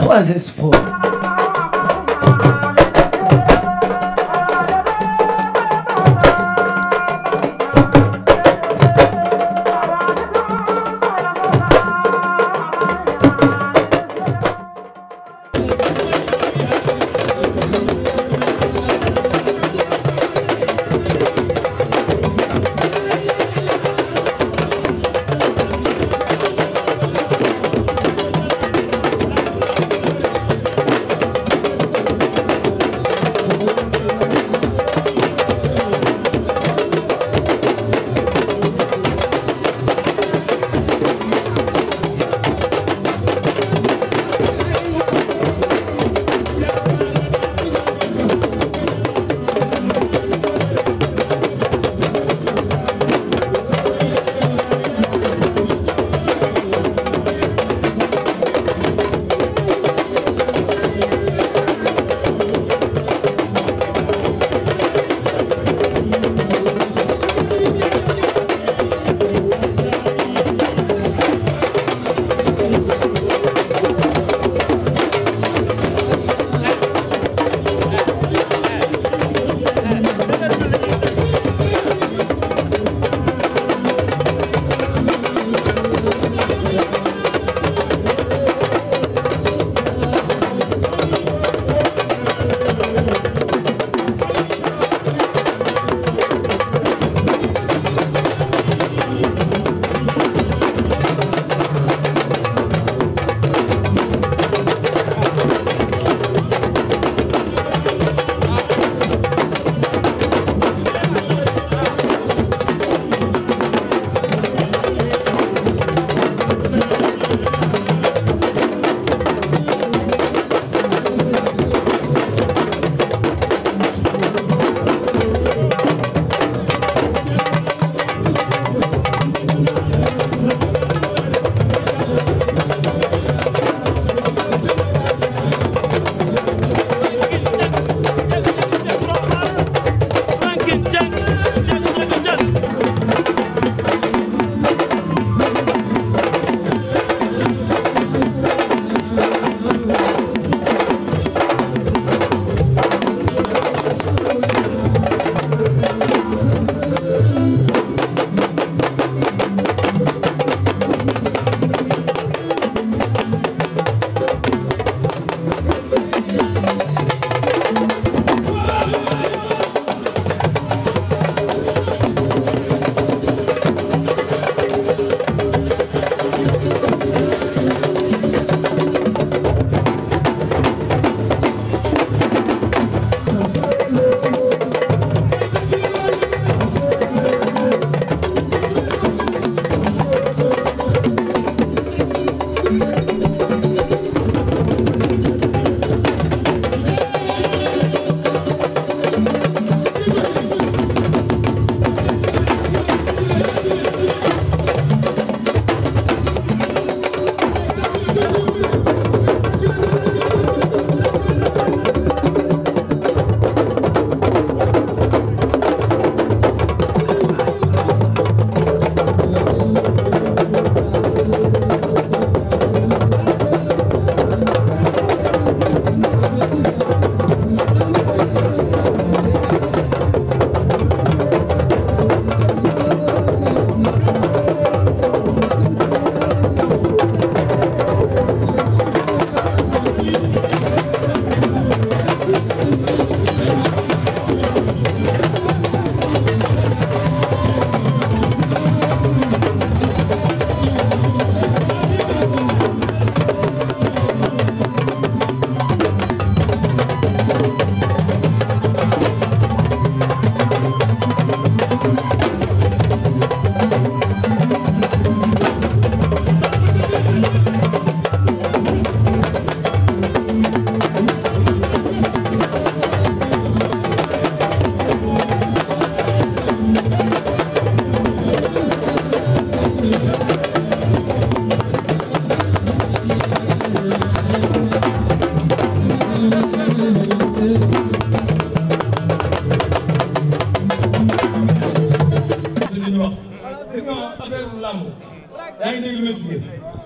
What was this for?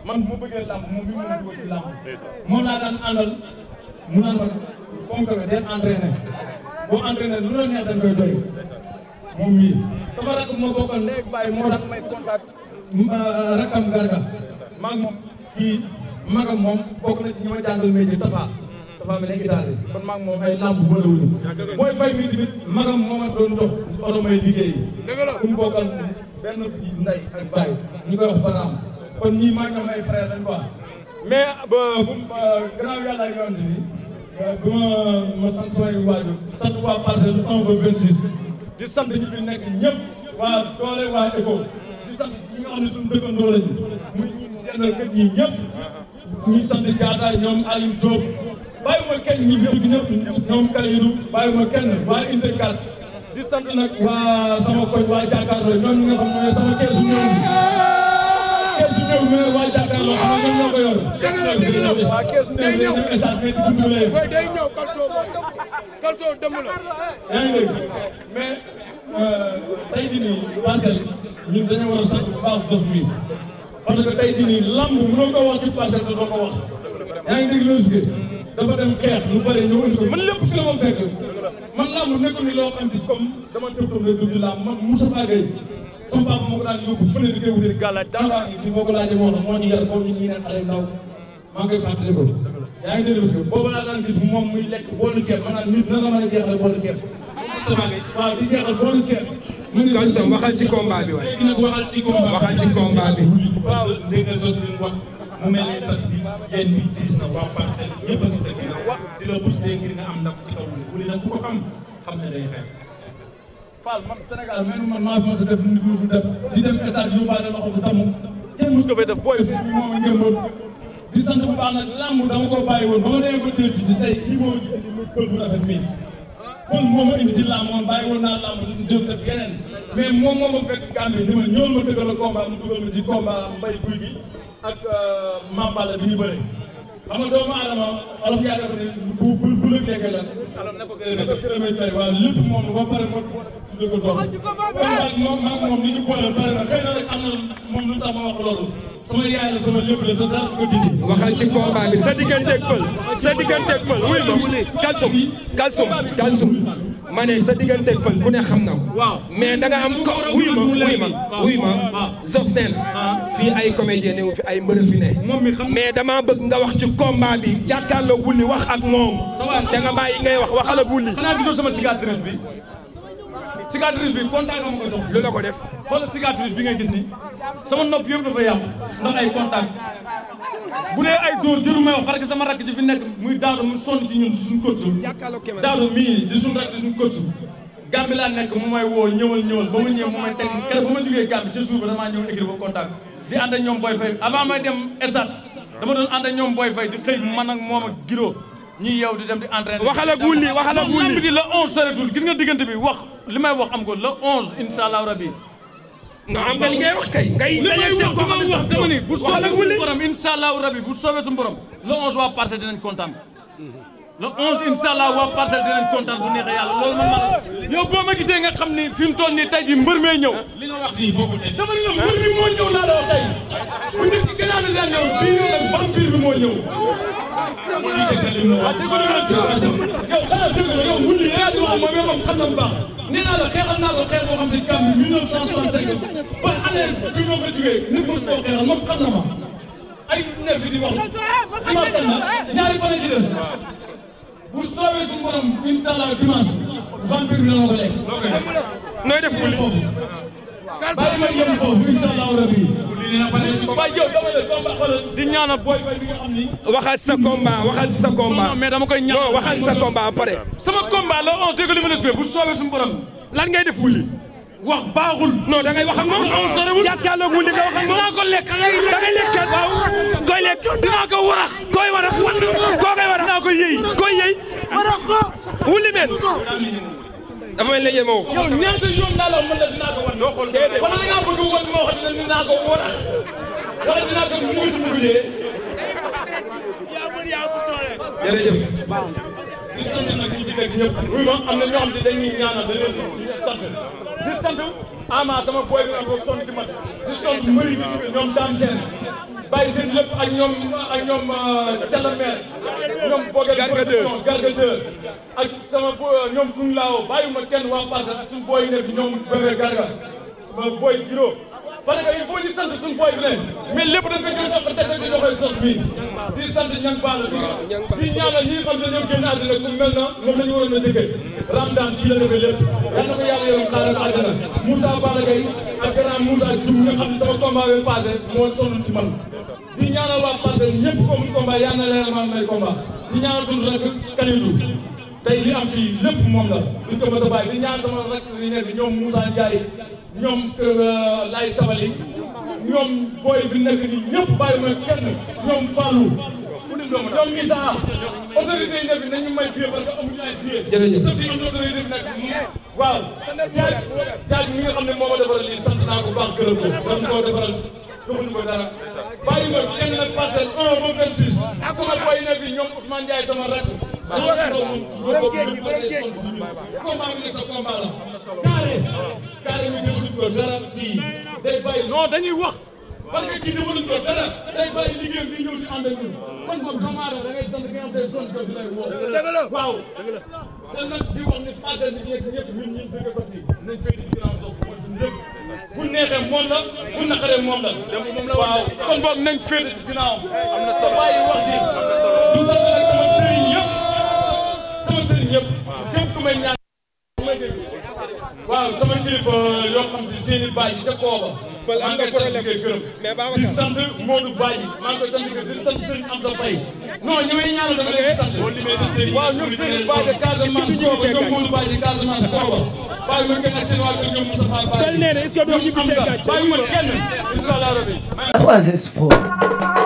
man bu bëggee làmb moom bi ma bëgg ko ci làmb laa daan àndal mu naan ma comme que day entraîné boo entraîné lu la neex dañ koy doy moom mii sama rakk ma bokkal moo tax may contact euh, rakkam garga maag moom kii moom bokk na ci ñi ma jàngal métier tafa dafa am léegi daal maa ngi moom ay doon dox oto may liggéey. ku mu bokkal benn nday ak baay ñu koy wax baraam. kon ñii maa ngi am ay frères lañ quoi mais ba gannaaw yàlla ak yoon bi bi ma ma sant samay waajur sant waa parcelle un ba vingt six di sant ñi nekk ñëpp waa doole waa ECHO di sant ñi nga xam ne suñu dëkkandoo lañu ñi jënd kër ñi ñëpp ñuy sant Diatta ñoom Aliou Diop bàyyiwuma kenn ñi fi dugg ñëpp ñoom Kalidou bàyyiwuma kenn waa Intercat di sant nag waa sama koñ kees su néew meer waa jàkkaarloo xam nga ñoo ko yor. dëgg la dëgg la waaw kees su néew day ñëw mais day ñëw Calcio booy Calcio dem la. yaa ngi dégg mais euh, tey jii nii parcelle ñun dañoo war a sàcc baax dof bi parce que tey jii nii lamb mënoo ko wax ci parcelle bi doo ko wax. yaa ngi dégg loolu si dafa dem xeex lu bëri ñëw indi ko man lépp si la moom fekk man lamb nekkul ni loo xam ci comme dama tëb tëb rek dugg lamb man Moussa Gueye. suñu papa moo ko daan yóbbu fu ne di koy wutali gàllaaj daawaa ngi fi boo ko laajee moo xam moo ñu yar comme ñu ngi naan xale ndaw maa ngi koy fàttali ko yaa ngi dégg parce que boobu laa daan gis moom muy lekk boolu ceeb maanaam nit na la mën a jeexal boolu ceeb waaw di jeexal boolu ceeb mu ni kon sam waxal ci combat bi waay léegi nag waxal ci combat waxal ci combat bi waaw dégg nga sos leen wax mu mel ne sas bi yéen bi diis na waa parcelle ñëpp a ngi sa ginnaaw wax di la boosté ngir nga am ndam ci kaw bu ne nag ku ko xam xam ne day xeex Fall man Sénégal mel man maa ngi def nit mu def di dem stade yóbbaale loxo bu tamu kenn mos ko fay def booy bi moom ngëmboon di sant bu baax nag làmb ko bàyyi woon ba ma demee ba teel ci tey i moo ci indi muy pël bu rafet mii ma indi ci làmb moom bàyyi woon naa làmb di def def yeneen moom moo ma fekk Gambie ni ma ñëw ma dëggal a combat ma ci guy bi ak Mambala bi ñu bëri xam nga doomu aadama olof yaa def ne bu bu bu la déggee la alors na ko gërëmee na ko gërëmee ba pare ma tuddee ko doom kon nag moom maa ngi moom ni ñu boole pare moom lu tax wax loolu sama yaay la sama lépp la te dara waxal ci combat bi sa digganteeg pël sa digganteeg pël wuy ma kalsum kalsum ma ne sa digganteeg pël ku ne xam na ko. waaw mais da nga am wuy ma wuy ma wuy ma. Zoss neen fii ay comédien ne fi ay mbërë fi ne. mais dama bëgg nga wax ci combat bi jàkkaarloo Wouly wax ak moom. da nga bàyyi ngay wax waxala Wouly. xanaa gisoo sama cicatrice bi. cicatrice bi contact dama ko jox. lu la def xoolal cicatrice bi ngay gis ni sama nopp yëpp dafa yàqu ndax ay contact bu dee ay dóor jëru may wax parce que sama rakk ji nekk muy daado mu sonn ci ñun di suñu coach daado mii di suñu rakk di suñu coach Gàmbi laa nekk mu may woo ñëwal ñëwal ba mu ñëw mu may teg keroog ba ma jógee Gàmbi ca ba damaa ñëw écrit ba contact di ànd ak ñoom Boy Faye avant may dem Esat dama doon ànd ak Boy Faye di xëy man ak moom ak ñuy yeew di dem di entraîner. waxal ak wulli waxal ak wulli lamb di la 11 soreetul gis nga diggante bi wax li may wax am ko la 11 incha allah nga am nga li ngay wax kay. ngay ngay teg ko wax dama ni bu soobee suñu la 11 waa parcelle dinañ kontaan. le 11 incha allah waa parcelle dinañ kontaan bu neexee yàlla loolu man maa yow boo gisee nga xam ni fi mu toll nii tey jii mbër mee ñëw. li bi moo ñëw. waaw dégg nga yow xanaa dégg nga yow wul lii rajo moom mooy moom xam na bu naa la xeexal naa ko xeex boo xam si Gambie 1965 ba année bi ma fa jugee nit mos koo xeexal moom xam na ay neef yi di wax dimanche am na ñaari fan ci des bu soobee suñu borom incha allah dimanche vampire bi dana ko lekk. nooy def foofu bàyyi ma yem di ñaanal booy bi nga xam ni. waxal sa sa combat. non mais dama koy ñaanal waxal sa combat ba pare. sama combat la on dégg li ma leen bu soobee suñu borom lan ngay def wuli. wax baaxul. non da ngay wax ak moom. jàkkaarloo wuli nga wax ak moom. dinaa ko lekk da ngay lekk waaw. koy lekk dinaa ko warax. koy warax koo koy warax. dinaa ko yëy koy yëy. wuli dafa mel ne yemoo. yow ñaata yoon naa la mën la dinaa ko wan. doo xool déedéet wala da ngaa a wan moo xam ne ko war a wala ko mujj muy ma am na ñoo xam ne dañuy ñaanal da leen di sant. di sant ama sama boy bi nga ko sonn ci mat di sant mbëri bi ñoom daam seen bàyyi seen lépp euh, ñoom Bogal production Garga 2 ak sama ñoom Gung Lao bàyyi ma kenn waa Passane ak suñu booy yi nekk ñoom bébé Garga ma booy Giro parce que il faut ñu sant suñu booy bi ne mais lépp dañ ko jël dafa a njëkkee Ramadan fii la defee lépp na ko yàlla yorom di ñaan suñu rek Kalidou tey li am fii lépp moom la duñ ko mos a bàyyi di ñaan sama rek yi ne fi ñoom Moussa Ndiaye ñoom euh, Laye Sabali ñoom booy fi nekk nii ñëpp bàyyi ma kenn ñoom Fallou mu ne doom ñoom Issa autorité yi ne fi nañu may biir parce que amuñu ay biir. jërëjëf te fii autorité yi ne fi nekk waaw. jaaj jaaj xam ne moo ma defaral lii sant naa ko baax gërëm ko dama ko defaral. joxuñu ko dara bàyyi ma kenn nag parcelle un ba vingt six sama boy nekk ñoom Ousmane Ndiaye sama rakk combat bi nag sa combat la carré carré bi defaluñ ko dara kii day bàyyi non dañuy wax parce que kii defaluñ ko dara day bàyyi liggéeyam bi ñëw di ànd ak ñun kon moom doomaara da ngay sant ki nga xam ne son ko bi lay woo waaw te nag di wax ni parcelle bi nekk ñëpp ñun ñun dëgg ko fii nañ fay di grand sos mooy suñu lépp bu neexee moom la bu naqaree moom la. waaw kon boog nañ féete ginnaawam. am na solo wax ji. am na solo du sant nag sama sëriñ yëpp. sama sëriñ yëpp. képp ku may ñaan. waaw sama kilifa yoo xam si seen i bàyyi ca bal am nga problème mais Babacar di sant Modou Badji maa ngi koy sant di sant Serigne Amsa Faye non ñu ngi ñaanal dama leen di sant waaw ñoom Serigne Badji Casamance kooba ñoom Modou Badji Casamance kooba bàyyi ma kenn ak seen waa kër ñoom Moussa Fall Badji ñoom Amsa bàyyi ma kenn incha allah rabbi